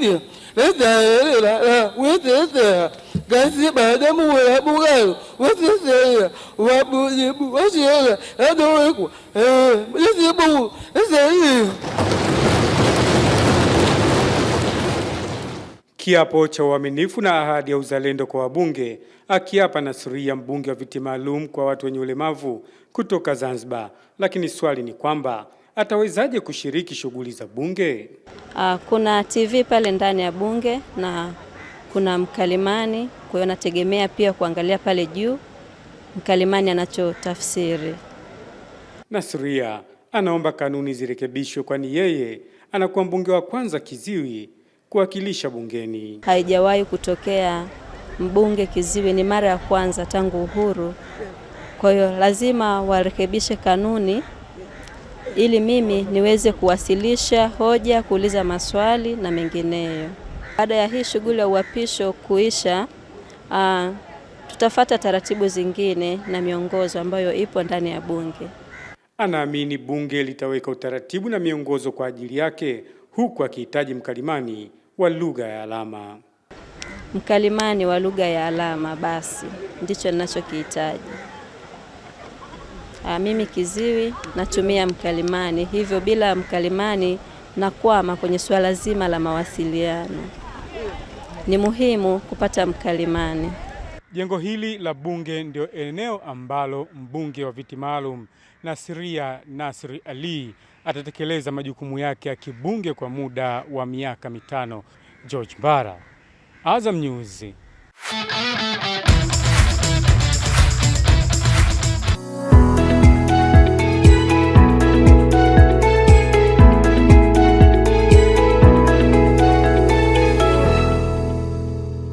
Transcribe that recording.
hivyo nasalela wesesea gasibadamu welabugalo weseseya wabujibu wasiela adoweku isibu e, iseiyo Kiapo cha uaminifu na ahadi ya uzalendo kwa wabunge. Akiapa Nasria, mbunge wa viti maalum kwa watu wenye ulemavu kutoka Zanzibar. Lakini swali ni kwamba atawezaje kushiriki shughuli za bunge? Ah, kuna TV pale ndani ya bunge na kuna mkalimani, kwa hiyo nategemea pia kuangalia pale juu mkalimani anachotafsiri. Nasria anaomba kanuni zirekebishwe, kwani yeye anakuwa mbunge wa kwanza kiziwi kuwakilisha bungeni. Haijawahi kutokea mbunge kiziwi, ni mara ya kwanza tangu uhuru. Kwa hiyo lazima warekebishe kanuni ili mimi niweze kuwasilisha hoja, kuuliza maswali na mengineyo. Baada ya hii shughuli ya uapisho kuisha, uh, tutafata taratibu zingine na miongozo ambayo ipo ndani ya Bunge. Anaamini Bunge litaweka utaratibu na miongozo kwa ajili yake, huku akihitaji mkalimani wa lugha ya alama. Mkalimani wa lugha ya alama, basi ndicho ninachokihitaji. Ah, mimi kiziwi natumia mkalimani, hivyo bila mkalimani nakwama kwenye suala zima la mawasiliano. Ni muhimu kupata mkalimani. Jengo hili la bunge ndio eneo ambalo mbunge wa viti maalum Nasiria Nasri Ali atatekeleza majukumu yake ya kibunge kwa muda wa miaka mitano. George Mbara, Azam News.